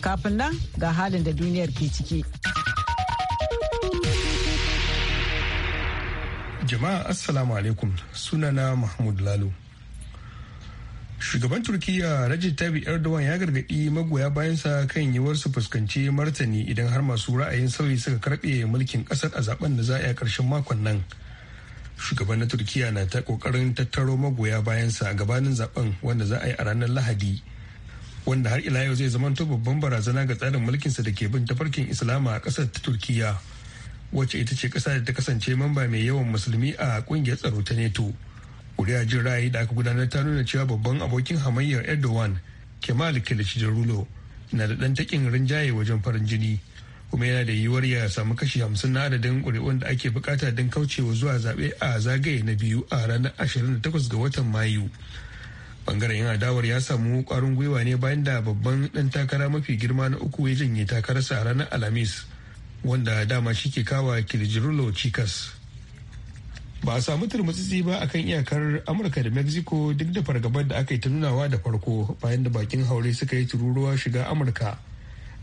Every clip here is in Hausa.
Kafin nan ga halin da duniyar ke ciki. Jama'a Assalamu alaikum sunana Mahmud Lalo. Shugaban Turkiyya Rajin Tayyip Erdogan ya gargaɗi magoya bayansa kan yiwuwar su fuskanci martani idan har masu ra'ayin sauyi suka karɓe mulkin ƙasar a zaben da za a yi ƙarshen makon nan. Shugaban na Turkiyya na ta ƙoƙarin tattaro magoya bayansa a gabanin zaben wanda za a yi a ranar Lahadi. wanda har ila yau zai zamanto babban barazana ga tsarin mulkin sa da ke bin tafarkin islama a kasar ta turkiya wacce ita ce kasa da ta kasance mamba mai yawan musulmi a kungiyar tsaro ta neto Ƙuri'a jin ra'ayi da aka gudanar ta nuna cewa babban abokin hamayyar erdogan kemal Rulo na da ɗan takin rinjaye wajen farin jini kuma yana da yiwuwar ya samu kashi hamsin na adadin ƙuri'un da ake bukata don kaucewa zuwa zaɓe a zagaye na biyu a ranar 28 ga watan mayu bangaren yan adawar ya samu kwarin gwiwa ne bayan da babban dan takara mafi girma na uku ya janye takararsa a ranar alhamis wanda dama shi ke kawa kirjirulo cikas ba a samu turmutsitsi ba akan iyakar amurka da mexico duk da fargabar da aka yi ta nunawa da farko bayan da bakin haure suka yi tururuwa shiga amurka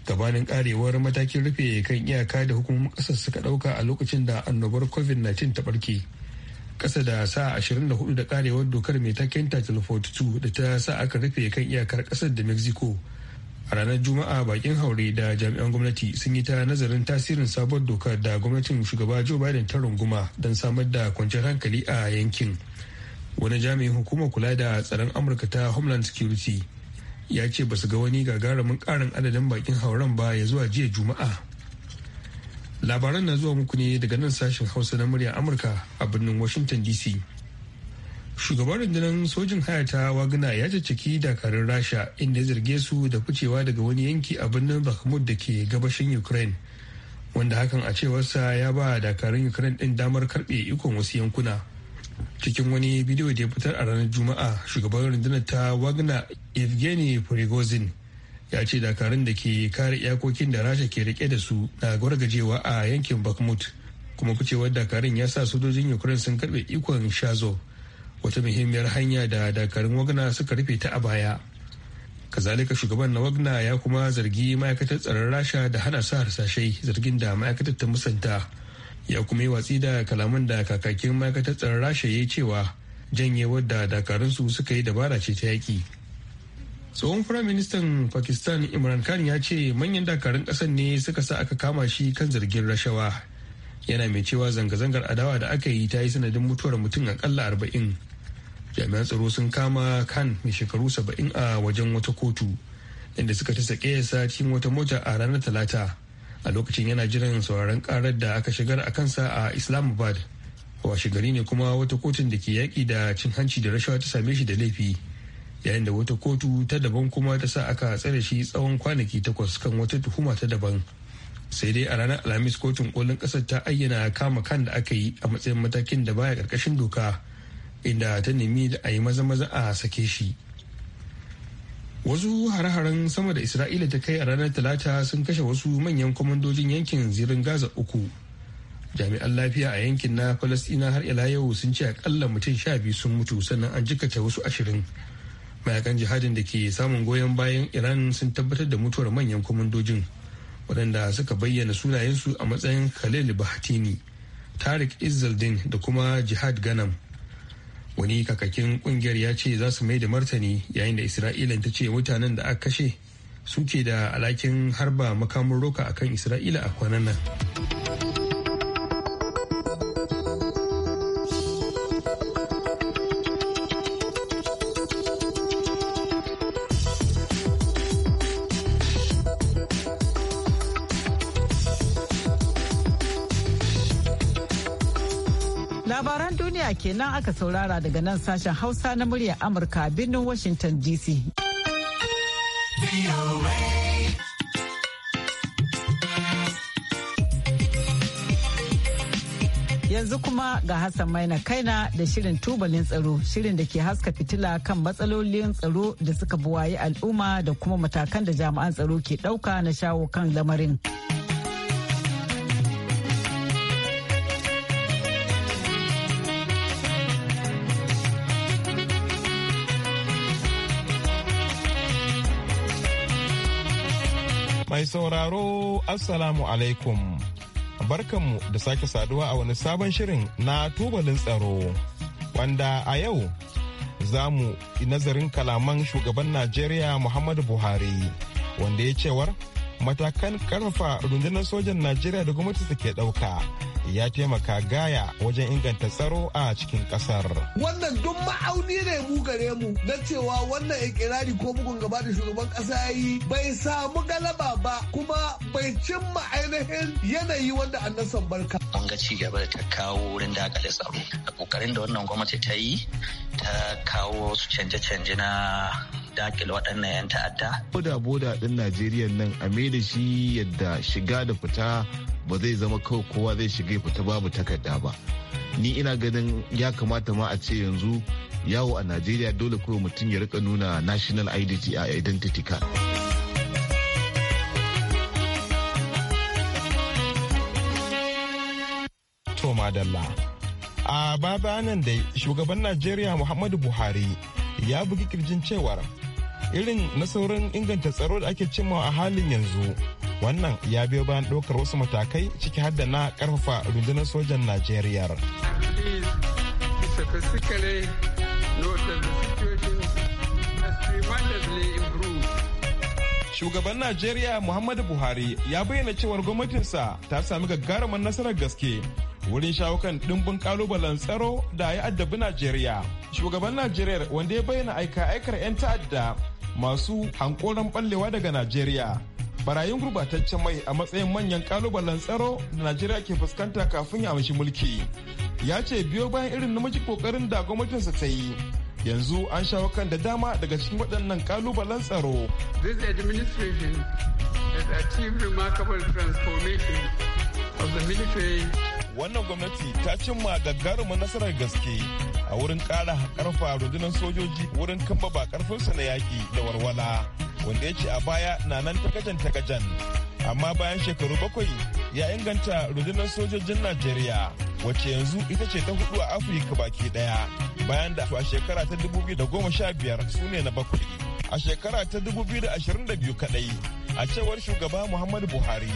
gabanin karewar matakin rufe kan iyaka da hukumomin kasar suka ɗauka a lokacin da annobar covid-19 ta barke kasa da sa 24 da karewar dokar mai taken title 42 da ta sa aka rufe kan iyakar kasar da mexico a ranar juma'a bakin haure da jami'an gwamnati sun yi ta nazarin tasirin sabon dokar da gwamnatin shugaba joe biden ta runguma don samar da kwanciyar hankali a yankin wani jami'in hukumar kula da tsaron amurka ta homeland security ya ce ba su ga wani gagarumin karin adadin bakin hauren ba ya zuwa jiya juma'a labaran na zuwa muku ne daga nan sashen hausa na murya amurka a birnin washington dc shugaban rundunar sojin haya ta wagana ya caccaki dakarun rasha inda ya zarge su da kucewa daga wani yanki a birnin bakhmut da ke gabashin ukraine wanda hakan a cewarsa ya ba dakarun ukraine din damar karbe ikon wasu yankuna cikin wani bidiyo da ya fitar a ranar juma'a shugaban rundunar ta Wagana evgeny prigozhin ya ce dakarun da ke kare iyakokin da rasha ke rike da su na gwargajewa a yankin bakmut kuma kucewar dakarun ya sa sojojin ukraine sun karbe ikon shazo wata muhimmiyar hanya da dakarun wagna suka rufe ta a baya kazalika shugaban na wagna ya kuma zargi ma'aikatar tsaron rasha da hana sa harsashai zargin da ma'aikatar ta musanta ya kuma yi watsi da kalaman da kakakin ma'aikatar tsaron rasha ya yi cewa janyewar da dakarunsu suka yi dabara ce ta yaki tsohon firaministan pakistan imran khan ya ce manyan dakarun ƙasar ne suka sa aka kama shi kan zargin rashawa yana mai cewa zanga-zangar adawa da aka yi ta yi sanadin mutuwar mutum akalla arba'in jami'an tsaro sun kama khan mai shekaru saba'in a wajen wata kotu inda suka ta sake sa cikin wata mota a ranar talata a lokacin yana jiran sauraron karar da aka shigar a kansa a islamabad washe gari ne kuma wata kotun da ke yaƙi da cin hanci da rashawa ta same shi da laifi yayin da wata kotu ta daban kuma ta sa aka tsare shi tsawon kwanaki takwas kan wata tuhuma ta daban sai dai a ranar alhamis kotun kolin kasar ta ayyana kama kan da aka yi a matsayin matakin da baya karkashin doka inda ta nemi da a yi maza-maza a sake shi wasu hare-haren sama da isra'ila ta kai a ranar talata sun kashe wasu manyan kwamandojin yankin zirin gaza uku jami'an lafiya a yankin na falastina har ila yau sun ce akalla mutum sha biyu sun mutu sannan an jikata wasu ashirin mayakan jihadin da ke samun goyon bayan iran sun tabbatar da mutuwar manyan kwamandojin waɗanda suka bayyana sunayensu a matsayin khalil bahatini tarik izzaldin da kuma jihad ganam wani kakakin kungiyar ya ce za su mai da martani yayin da isra'ila ta ce mutanen da aka kashe suke da alakin harba makamun roka akan isra'ila a kwanan nan. duniya kenan aka saurara daga nan sashen Hausa na muryar Amurka birnin Washington DC. Yanzu kuma ga Hassan Maina Kaina da shirin tubalin tsaro, shirin da ke haska fitila kan matsalolin tsaro da suka buwayi al'umma da kuma matakan da jami'an tsaro ke ɗauka na shawo kan lamarin. Mai sauraro Assalamu alaikum. Barkanmu da sake saduwa a wani sabon shirin na tubalin tsaro wanda a yau za mu nazarin kalaman shugaban Najeriya Muhammadu Buhari wanda ya cewar matakan karfafa rundunar sojan najeriya da gwamnati suke dauka ya taimaka gaya wajen inganta tsaro a cikin kasar. Wannan duk ma'auni ne mu gare mu na cewa wannan ikirari ko bugun gaba da shugaban kasa yi bai samu galaba ba kuma bai cimma ainihin yanayi wanda an nasa barka. An ga cigaba da ta kawo wurin dakale tsaro. A kokarin da wannan gwamnati ta yi ta kawo su canje-canje na dakile waɗannan 'yan ta'adda. Boda boda ɗin Najeriya nan a da shi yadda shiga da fita ba zai zama kawai kowa zai shiga fita babu takarda ba ni ina ganin ya kamata ma a ce yanzu yawo a najeriya dole kawai mutum ya rika nuna national identity uh, card a baba nan dai shugaban najeriya muhammadu buhari ya bugi kirjin cewar irin na saurin inganta tsaro da ake cimma a halin yanzu wannan ya biyo bayan ɗaukar wasu matakai ciki har da na ƙarfafa rundunar sojan najeriya shugaban najeriya muhammadu buhari ya bayyana cewar gwamnatinsa ta sami gagarumar nasarar gaske wurin shawo kan dimbin kalubalen tsaro da ya addabi najeriya shugaban najeriya wanda ya bayyana aika aikar 'yan ta'adda masu hankoran ɓallewa daga Najeriya. Barayin gurbataccen mai a matsayin manyan ƙalubalen tsaro da Najeriya ke fuskanta kafin ya amshi mulki. Ya ce biyo bayan irin namiji kokarin da gwamnatinsa ta yi. Yanzu an shawo kan da dama daga cikin waɗannan ƙalubalen tsaro. This administration has achieved remarkable transformation of the military wannan gwamnati ta cimma gagarumin nasarar gaske a wurin kara karfa rundunar sojoji wurin kamba ba ƙarfinsa na yaki da warwala wanda ya ce a baya na nan takajan takajan amma bayan shekaru bakwai ya inganta rundunar sojojin najeriya wacce yanzu ita ce ta hudu a afirka baki daya bayan da a shekara ta 2015 su ne na bakwai a shekara ta 2022 kadai a cewar shugaba muhammadu buhari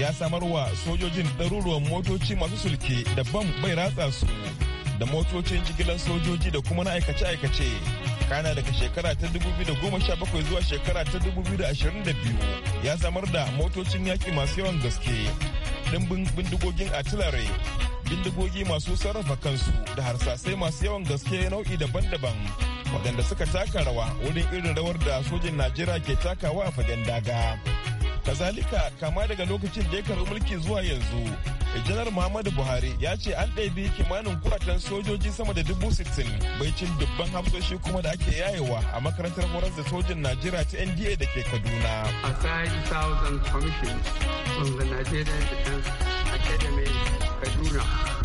ya samar wa sojojin ɗaruruwan motoci masu sulke da bam bai ratsa su da motocin jigilar sojoji da kuma na aikace-aikace kana daga shekara ta 2017 zuwa shekara ta 2022 ya samar da motocin yaƙi masu yawan gaske dimbin bindigogin artillery bindigogi masu sarrafa kansu da harsasai masu yawan gaske nau'i daban-daban waɗanda suka taka rawa wurin irin rawar da sojin najeriya ke takawa a fagen daga kazalika kama daga lokacin da ya karɓi mulki zuwa yanzu janar muhammadu buhari ya ce an ɗabi kimanin kuratan sojoji sama da dubu sittin baicin dubban hafsoshi kuma da ake yayewa a makarantar horar da sojin najeriya ta nda da ke kaduna Kaduna.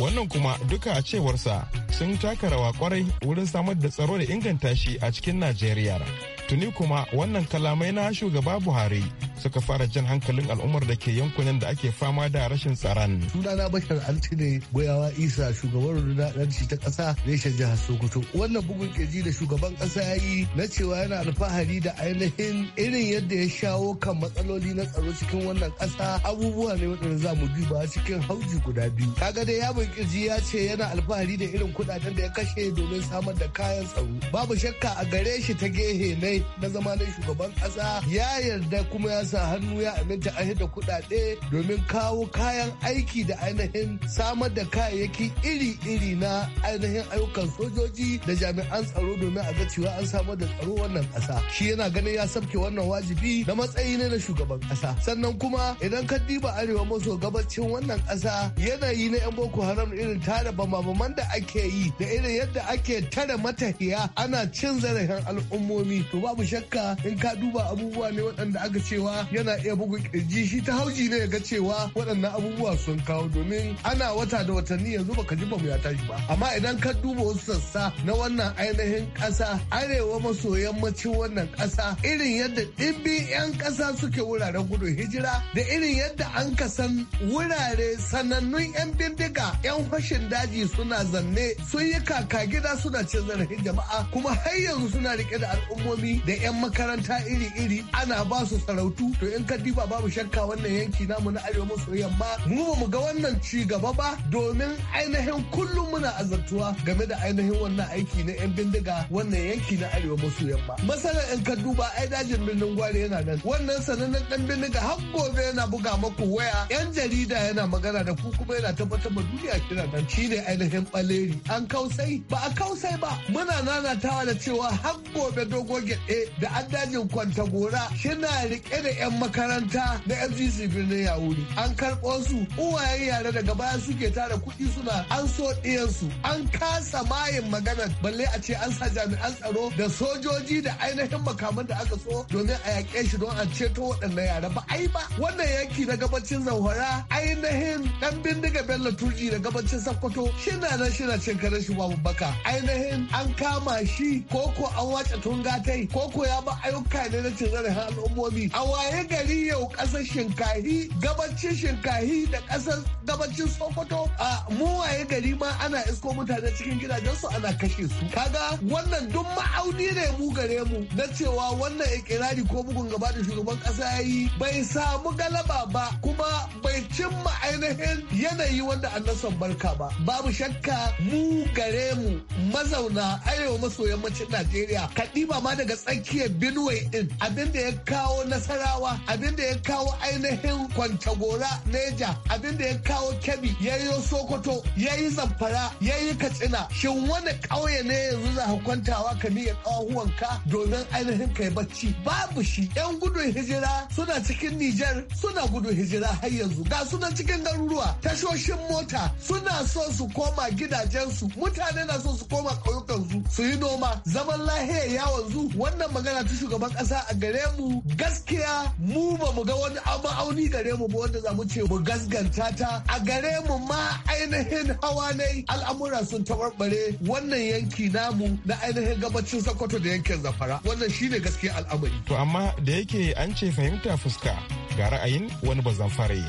wannan kuma duka a cewarsa sun taka rawa kwarai wurin samar da tsaro da inganta shi a cikin najeriya tuni kuma wannan kalamai na shugaba buhari suka fara jan hankalin al'ummar da ke yankunan da ake fama da rashin tsaron. Sunana Bashar Alti ne goyawa Isa shugaban rundunar ta ƙasa reshen jihar Sokoto. Wannan bugun keji da shugaban ƙasa ya yi na cewa yana alfahari da ainihin irin yadda ya shawo kan matsaloli na tsaro cikin wannan ƙasa abubuwa ne waɗanda za mu duba cikin hauji guda biyu. Kaga dai yabon kirji ya ce yana alfahari da irin kuɗaɗen da ya kashe domin samar da kayan tsaro. Babu shakka a gare shi ta gehe ne na zama na shugaban ƙasa ya yarda kuma ya sa hannu ya aminta an da kudade domin kawo kayan aiki da ainihin samar da kayayyaki iri-iri na ainihin ayyukan sojoji da jami'an tsaro domin a ga cewa an samar da tsaro wannan kasa shi yana ganin ya sabke wannan wajibi na matsayi ne na shugaban kasa sannan kuma idan ka diba arewa maso gabacin wannan kasa yanayi na 'yan boko haram irin tare bama da ake yi da irin yadda ake tare matahiya ana cin zarafin al'ummomi to babu shakka in ka duba abubuwa ne waɗanda aka cewa yana iya bugu kirji shi ta hauji ne ga cewa waɗannan abubuwa sun kawo domin ana wata da watanni yanzu baka ji bamu ya tashi ba amma idan ka duba wasu sassa na wannan ainihin ƙasa arewa maso yammacin wannan ƙasa irin yadda ɗimbin 'yan ƙasa suke wuraren gudun hijira da irin yadda an ka san wurare sanannun 'yan bindiga 'yan fashin daji suna zanne sun yi kaka gida suna cin zarafin jama'a kuma har yanzu suna rike da al'ummomi da 'yan makaranta iri-iri ana ba su sarautu to in ka diba babu shakka wannan yanki namu na arewa maso yamma mu ba mu ga wannan ci gaba ba domin ainihin kullum muna azartuwa game da ainihin wannan aiki na yan bindiga wannan yanki na arewa maso yamma masalan in ka duba ai dajin birnin gwari yana nan wannan sanannen dan bindiga har gobe yana buga maku waya yan jarida yana magana da ku kuma yana tabbatar ma duniya kira nan shine ainihin baleri an kausai ba a kausai ba muna nanatawa da cewa har gobe dogo gyaɗe da an dajin kwanta gora na rike da 'yan makaranta na FGC birnin yahudi An karɓo su uwayen yare daga baya suke tara kuɗi suna an so ɗiyansu. An kasa mayin magana balle a ce an sa jami'an tsaro da sojoji da ainihin makaman da aka so domin a yaƙe shi don a ceto waɗannan yara ba ai ba. Wannan yanki na gabacin Zamfara ainihin ɗan bindiga Bello Turji da gabacin Sokoto na nan shi na cin karen shi babu Ainihin an kama shi koko an wace tungatai koko ya ba ayyuka ne na cin zarafin al'ummomi. An waye waye gari yau kasar shinkahi gabacin shinkahi da kasar gabacin sokoto a muwaye gari ma ana isko mutane cikin gidajensu ana kashe su kaga wannan duk ma'auni ne mu gare mu na cewa wannan ikirari ko bugun gaba da shugaban ƙasa ya yi bai samu galaba ba kuma bai cimma ainihin yanayi wanda an barka ba babu shakka mu gare mu mazauna arewa maso yammacin najeriya kadiba ma daga tsakiyar benue din abinda ya kawo nasara nasarawa abin da ya kawo ainihin kwantagora neja abin da ya kawo kebi ya yi sokoto ya yi zamfara ya yi katsina shin wani ƙauye ne yanzu za ka kwantawa ka miƙa ƙahuwanka domin ainihin kai bacci babu shi yan gudun hijira suna cikin nijar suna gudun hijira har yanzu ga suna cikin garuruwa tashoshin mota suna so su koma gidajensu mutane na so su koma ƙauyukansu su yi noma zaman lahiya yawon zu wannan magana ta shugaban ƙasa a gare mu gaskiya mu ba mu ga wani auni gare mu ba wanda za mu ce mu gasganta ta a gare mu ma ainihin hawa ne al'amura sun tabarbare wannan yanki namu na ainihin gabacin Sokoto da yankin zafara wannan shine gaskiya al'amari to amma da yake an ce fahimta fuska ga ra'ayin wani bazan fare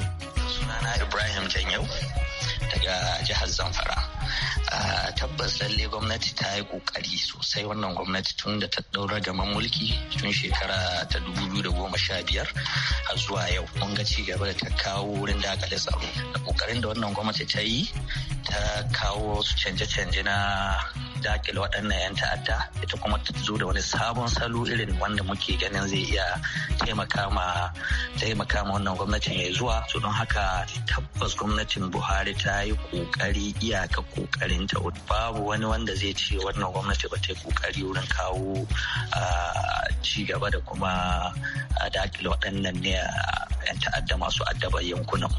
sunana Ibrahim Janyau daga jihar zamfara tabbas lalle gwamnati ta yi kokari sosai wannan gwamnati tun da ta daura gaman mulki tun shekara ta da sha biyar, a zuwa yau mun ga ci gaba da ta kawo wurin dakale tsaro da kokarin da wannan gwamnati ta yi ta kawo canje-canje na dakile waɗannan 'yan ta'adda ita kuma ta zo da wani sabon salo irin wanda muke ganin zai iya taimaka ma taimaka ma wannan gwamnatin ya zuwa su don haka tabbas gwamnatin buhari ta yi kokari iyaka kokarin ta babu wani wanda zai ce wannan gwamnati ba ta yi kokari wurin kawo ci gaba da kuma dakile waɗannan ne 'yan ta'adda masu addaban yankunan.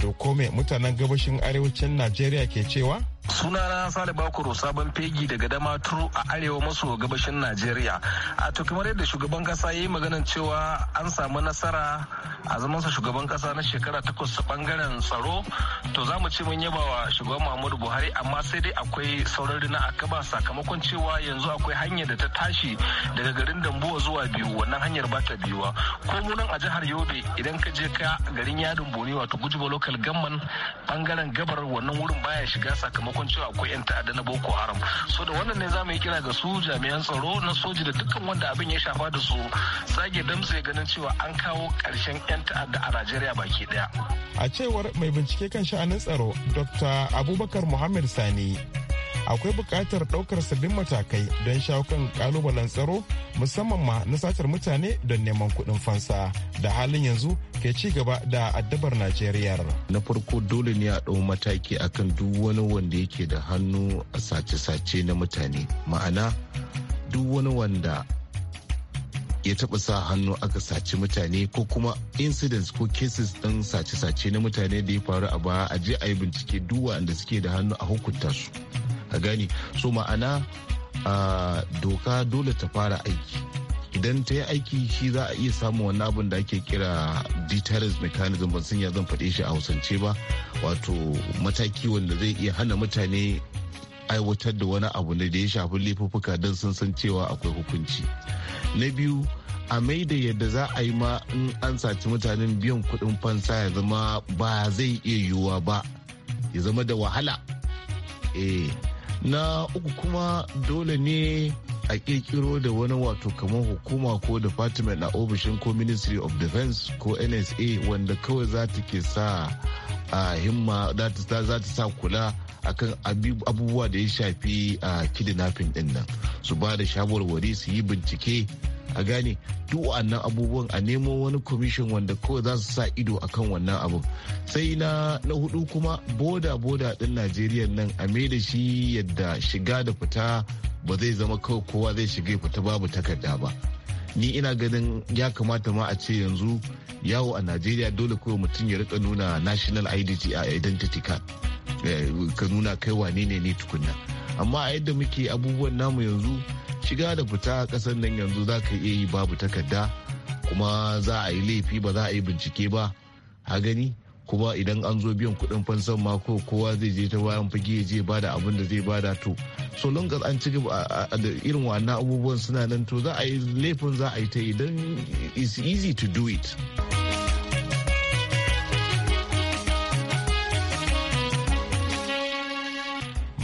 To kome mutanen gabashin arewacin Najeriya ke cewa suna na sale bakuro sabon fegi daga dama turu a arewa maso gabashin najeriya a to kamar yadda shugaban kasa ya yi magana cewa an samu nasara a zamansa shugaban kasa na shekara takwas a bangaren tsaro to za mu ce mun yaba wa shugaban muhammadu buhari amma sai dai akwai sauran rina a kaba sakamakon cewa yanzu akwai hanyar da ta tashi daga garin dambuwa zuwa biyu wannan hanyar ba ta biyuwa ko munan a jihar yobe idan ka je ka garin yadin bori wato gujiba local gamman bangaren gabar wannan wurin baya shiga sakamakon sakamakon cewa akwai 'yan ta'adda na boko haram so da wannan ne za mu yi kira ga su jami'an tsaro na soji da dukkan wanda abin ya shafa da su zage ya ganin cewa an kawo karshen 'yan ta'adda a najeriya baki daya a cewar mai bincike kan sha'anin tsaro dr abubakar muhammad sani akwai bukatar daukar sabbin matakai don shawo kan kalubalen tsaro musamman ma na satar mutane don neman kudin fansa da halin yanzu ke ci gaba da addabar Najeriya. Na farko dole ne a dau mataki akan duk wani wanda yake da hannu a sace-sace na mutane. Ma'ana duk wani wanda ya taɓa sa hannu aka saci mutane ko kuma incidents ko cases ɗin sace-sace na mutane da ya faru a baya a je a yi bincike duk wanda suke da hannu a hukunta su. ka gani so ma'ana doka dole ta fara aiki idan ta yi aiki shi za a iya samun wani abin da ake kira deterrence mechanism ban sanya zan faɗe shi a hausance ba wato mataki wanda zai iya hana mutane aiwatar da wani abu da ya shafi laifuffuka don sun san cewa akwai hukunci na biyu a da yadda za a yi ma in an saci mutanen biyan kuɗin fansa ya zama ba zai iya yiwuwa ba ya zama da wahala eh na uku kuma dole ne a kirkiro da wani wato kamar hukuma ko department a ofishin ko ministry of defense ko nsa wanda kawai za ta ke sa a himma za ta sa kula akan abubuwa da ya shafi a kidnapping din nan su ba da shawarwari su yi bincike a gane duk wannan abubuwan a nemo wani kwamishin wanda kawai za su sa ido akan wannan abun sai na na hudu kuma boda boda din najeriya nan a da shi yadda shiga da fita ba zai zama kawai kowa zai shiga fita babu takarda ba ni ina ganin ya kamata ma a ce yanzu yawo a najeriya dole kawai mutum ya rika nuna national identity card eh, ka nuna kai wane ne ne tukunna amma a yadda muke abubuwan namu yanzu shiga da fita kasar nan yanzu za ka iya yi babu takarda kuma za a yi laifi ba za a yi bincike ba a gani kuma idan an zo biyan kudin fansan mako kowa zai je ta bayan fage je ba da abin da zai bada to so long an ci gaba da irin wannan abubuwan suna nan to za a yi laifin za a yi ta idan it's easy to do it.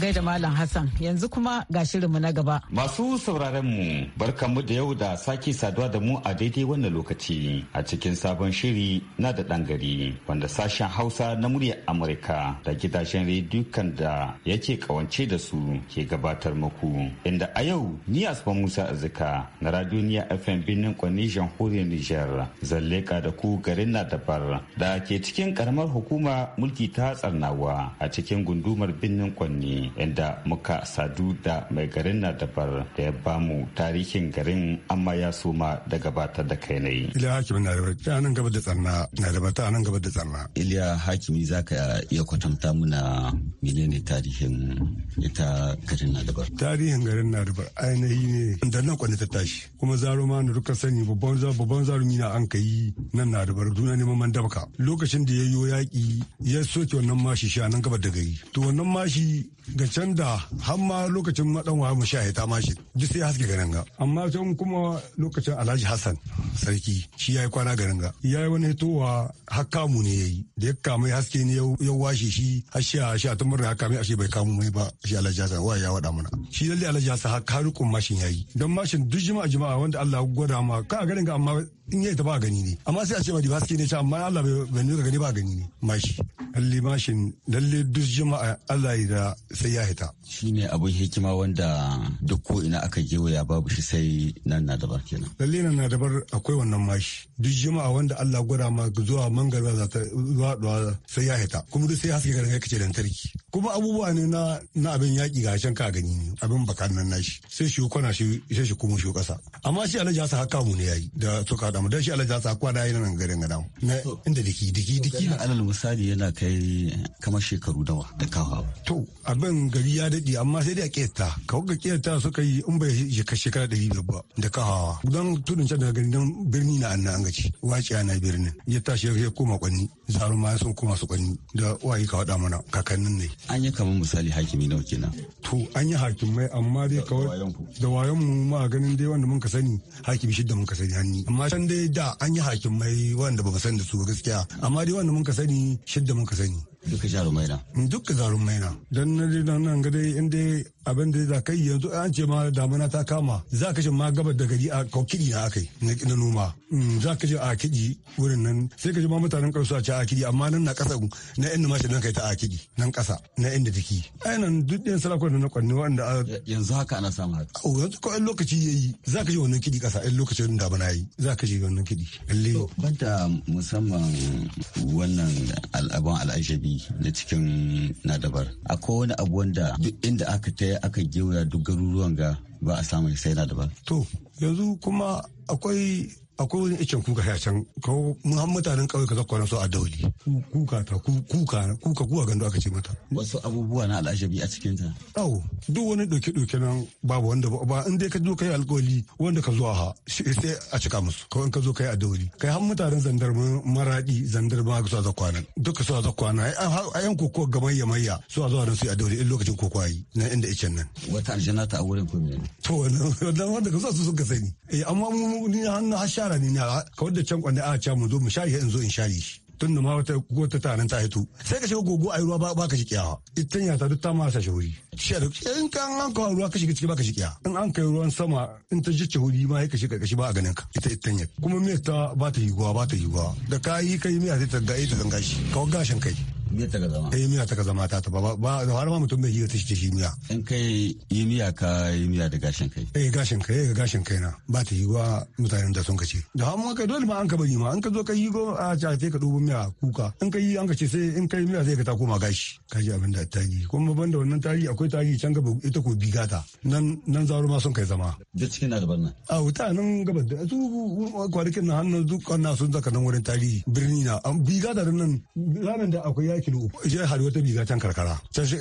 gaida Malam Hassan yanzu kuma ga shirinmu na gaba. Masu sauraronmu barkanmu da yau da sake saduwa da mu a daidai wannan lokaci a cikin sabon shiri na da ɗan gari wanda sashen Hausa na murya Amurka da gidajen rediyo kan da yake kawance da su ke gabatar muku. Inda a yau ni Asma Musa Azika na Radioniya FM birnin Kwani Jamhuriyar Nijar zalleka da ku garin na dabar da ke cikin karamar hukuma mulki ta tsarnawa a cikin gundumar birnin Kwanni ne inda muka sadu da mai garin na dabar da ya bamu tarihin garin amma ya soma da gabatar da kai na yi. Iliya Hakimi na dabar ta nan gaba da tsanna na dabar ta nan gaba da tsanna. Iliya Hakimi za ka iya kwatanta muna menene tarihin ita garin na dabar. Tarihin garin na dabar ainihi ne da nan kwanita ta tashi kuma zaro ma na duka sani babban babban zarumi na an ka yi nan na dabar duna neman man dabka lokacin da ya yi yaƙi ya soke wannan mashi sha nan gaba da gari to wannan mashi da can da har ma lokacin madanwa mu sha ta mashi duk sai haske garin ga amma can kuma lokacin Alhaji Hassan sarki shi yayi kwana garin ga yayi wani towa har mu ne yayi da ya kama haske ne ya washe shi har sha sha ta murna haka mai ashe bai kamu mai ba shi Alhaji Hassan wa ya wada mana shi lalle Alhaji Hassan har karukun mashin yi don mashin duk jima'a jima'a wanda Allah ya gwada ma ka garin ga amma in yi ta ba gani ne amma sai a ce ma di haske ne ta amma Allah bai nuna gani ba gani ne mashi lalle mashin lalle duk jima'a Allah ya da sai ya hita shine abun hikima wanda duk ko ina aka waya babu shi sai nan na dabar kenan lalle nan na dabar akwai wannan mashi duk jima'a wanda Allah gwada ma zuwa mangarba za ta zuwa sai ya hita kuma duk sai haske garin kace lantarki kuma abubuwa ne na na abin yaki ga can ka gani ne abin bakan nan nashi sai shi kwana shi sai shi kuma shi kasa amma shi Allah ya sa haka mu ne yayi da suka damu don shi Allah ya sa akwa da yana nan garin gadawo na inda diki diki diki na. alal misali yana kai kamar shekaru dawa da kawo to abin gari ya daɗe amma sai dai a kiyata kawo ga kiyata suka yi in bai shekara ɗari biyar ba da kawawa dan tudun can daga garin birni na an na an gaci wace ana birnin ya tashi ya koma kwanni zaru ma sun koma su kwanni da wayi ka wada mana kakannin ne an yi kamar misali hakimi nawa kenan to an yi hakimai amma dai kawai da wayan mu ma ganin dai wanda mun ka sani hakimi shidda mun ka sani hanni amma can dai da an yi hakimai wanda ba san da su gaskiya amma dai wanda mun ka sani shidda mun ka sani duka jarumai na duka jarumai na Don na dai nan ga dai in dai abin da za yi yanzu an ce ma damana ta kama za ka shi ma gabar da gari a kiɗi na akai na noma mm, za ka shi a kiɗi wurin nan sai ka shi ma mutanen ƙarsu a ce a kiɗi amma nan na ƙasa na inda ma shi nan kai ta a kiɗi nan ƙasa na inda take ai nan duk ɗayan sarakuna na kwanne wanda a. yanzu haka ana samun haka a yanzu ko in lokaci ya yi za ka shi wannan kiɗi ƙasa in lokacin ya yi za ka shi wannan kiɗi lalle banda musamman wannan al'aban al'ajabi na cikin nadabar akwai wani abu wanda duk inda aka taya aka gewa duk garuruwan ga ba a samun sai nadabar to yanzu kuma akwai akwai wani icen kuka ya can ko mutanen kawai ka zakkwana su a dauli kuka ta kuka kuka kuka gando aka ce mata wasu abubuwa na al'ajabi a cikin ta au duk wani doke doke nan babu wanda ba in dai ka zo kai alkoli wanda ka zo ha sai a cika musu ko in ka zo kai a dauli kai har mutanen zandar maradi zandar ba ka zo zakkwana duka su a zakkwana a yan kokowa gamayya mayya su a zuwa nan su a dauli in lokacin kokowa yi na inda icen nan wata aljana ta a wurin ko ne to wannan wanda ka zo su suka sani eh amma mu ni hannu hasha yara ne na kawar wadda can kwanne a ca mu zo mu share in zo in share shi tun da ma wata wata taron ta hito sai ka shiga gogo a ruwa ba ka shikiyawa ita ya ta duk ta masa shahuri in ka an kawo ruwa ka shiga ciki ba ka shikiya in an kai ruwan sama in ta ji huri ma ka shiga kashi ba a ganin ka ita ita ya kuma me ta ba ta yiwuwa ba ta yiwuwa da ka yi ka kai me ta ga ita eh, zanga shi ka gashin kai ta zama eh, miya ta zama ta ta ba ba har ma mutum bai yi ta shi miya in kai yi miya ka yi miya da gashin kai eh gashin kai eh gashin kai na ba ta wa mutanen da sun ce. da har ma kai dole ma an ka bari ma an ka zo ka yi go a cakai sai ka dubo miya kuka in ka yi an ka ce sai in kai miya sai ka ta koma gashi ka ji abin da yi kuma banda wannan tarihi akwai tarihi can gaba ita ko ta nan nan zaro ma sun kai zama duk cikin da na a wuta nan gaba da su kwarikin na hannun duk na sun zaka nan wurin tarihi birni na bigata nan ranar da akwai ya kilo uku je hari wata biga can karkara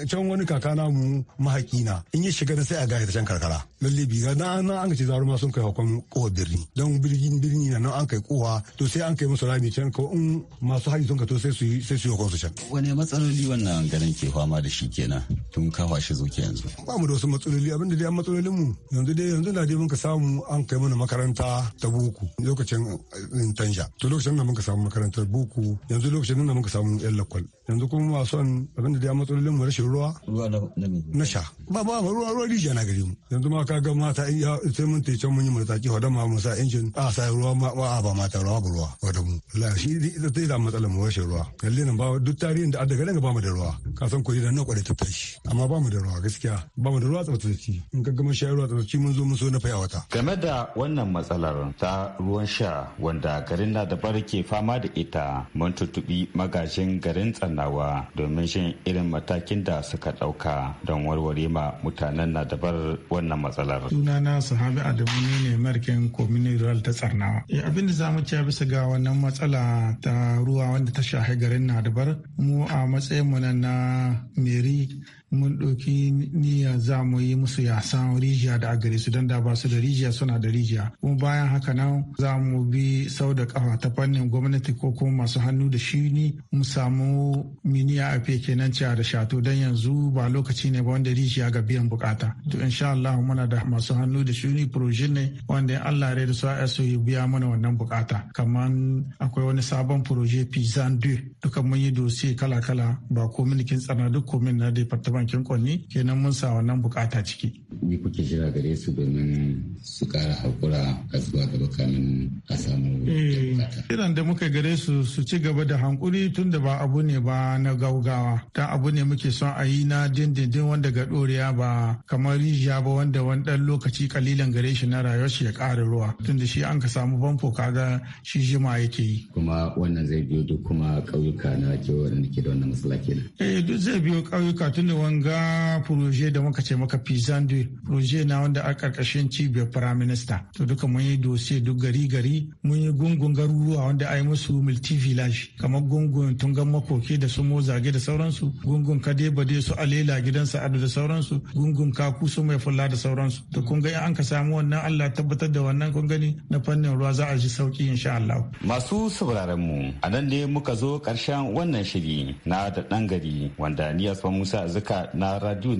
can wani kaka namu mahaki na in ya shiga sai a gaya ta can karkara lalle biga na na an kace zaruma sun kai hakon kowa birni don birgin birni na nan an kai kowa to sai an kai musu rami can ko in masu hari sun ka to sai su sai su hakon su can Wani matsaloli wannan garin ke fama da shi kenan tun kafa shi ke yanzu ba mu da wasu matsaloli abinda dai matsalolin mu yanzu dai yanzu da dai mun ka samu an kai mana makaranta ta boko lokacin eh, tanja to lokacin da mun ka samu makarantar boko yanzu lokacin da mun ka samu yan lakwal yanzu kuma ma son abin da ya matsalolin mu rashin ruwa na sha ba ba ma ruwa ruwa rijiya na gari mu yanzu ma ka ga mata in ya sai mun can mun yi mataki hoda ma mu sa injin a sa ruwa ma ba ba mata ruwa ba ruwa hoda mu la shi ita ta da matsalar mu rashin ruwa kalle nan ba duk tarihin da daga nan ba mu da ruwa ka san ko idan na kware ta tashi amma ba mu da ruwa gaskiya ba mu da ruwa ci in ka gama shayarwa tsaftace mun zo mun so na faya wata game da wannan matsalar ta ruwan sha wanda garin na da ke fama da ita mun tutubi magajin garin tsan nawa domin shin irin matakin da suka ɗauka don warware ma mutanen na dabar wannan matsalar. Sunana Sahabi Adamu ne ne markin Community ta Tsarnawa. Eh, abin da za mu bisa ga wannan matsala ta ruwa wanda ta shahi garin na dabar mu a matsayin mu na meri mun ɗauki niyya za mu yi musu yasan rijiya da agare su don da ba su da rijiya suna da rijiya kuma bayan haka nan za mu bi sau da kafa ta fannin gwamnati ko kuma masu hannu da shi ne mu samu miniya a fiye kenan cewa da shato don yanzu ba lokaci ne ba wanda rijiya ga biyan bukata to insha Allah muna da masu hannu da shi ne proje ne wanda Allah ya da su a su biya mana wannan bukata kamar akwai wani sabon proje pizan 2 duka mun yi dosiye kala-kala ba ko tsana duk komin na departament bankin kwanni kenan mun sa wannan bukata ciki. Ni kuke jira gare su domin su kara hakura a zuwa gaba kamin a samu eh, bukata. Kiran da muka gare su su ci gaba da hankuri tun da ba abu ne ba na gaugawa. Ta abu ne muke son a yi na dindindin wanda ga ɗoriya ba kamar rijiya ba wanda wani ɗan lokaci kalilan gare shi na rayuwar shi ya ƙara ruwa. Tun da shi an ka samu famfo kaga shi jima yake yi. Kuma wannan zai biyo duk kuma ƙauyuka na ke waɗanda ke da wannan matsala kenan. Eh duk zai biyo ƙauyuka tun da ga proje da muka ce maka pizandu proje na wanda a karkashin cibiyar prime minister to duka mun yi dosiye duk gari gari mun yi gungun garuruwa wanda ai musu multi village kamar gungun tungan makoki da su zage da sauransu gungun kadeba da su alela gidan sa'adu da sauransu gungun kaku su mai fulla da sauransu to kun ga an ka samu wannan Allah tabbatar da wannan kun gani na fannin ruwa za a ji sauki insha Allah masu sauraron mu a nan ne muka zo karshen wannan shiri na da dan gari wanda ni Musa Zuka Amurka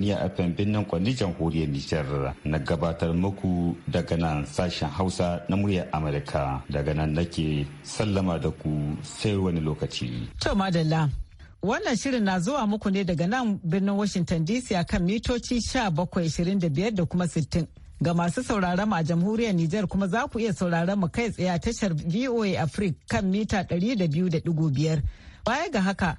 na a FM birnin Kwani jamhuriyar Nijar na gabatar muku daga nan sashen Hausa na muryar Amurka daga nan nake sallama da ku sai wani lokaci. To madalla. Wannan shirin na zuwa muku ne daga nan birnin Washington DC a kan mitoci 1725 da kuma 60. Ga masu sauraron a jamhuriyar Nijar kuma za ku iya sauraron mu kai tsaye tashar VOA Africa kan mita 200.5. Baya ga haka,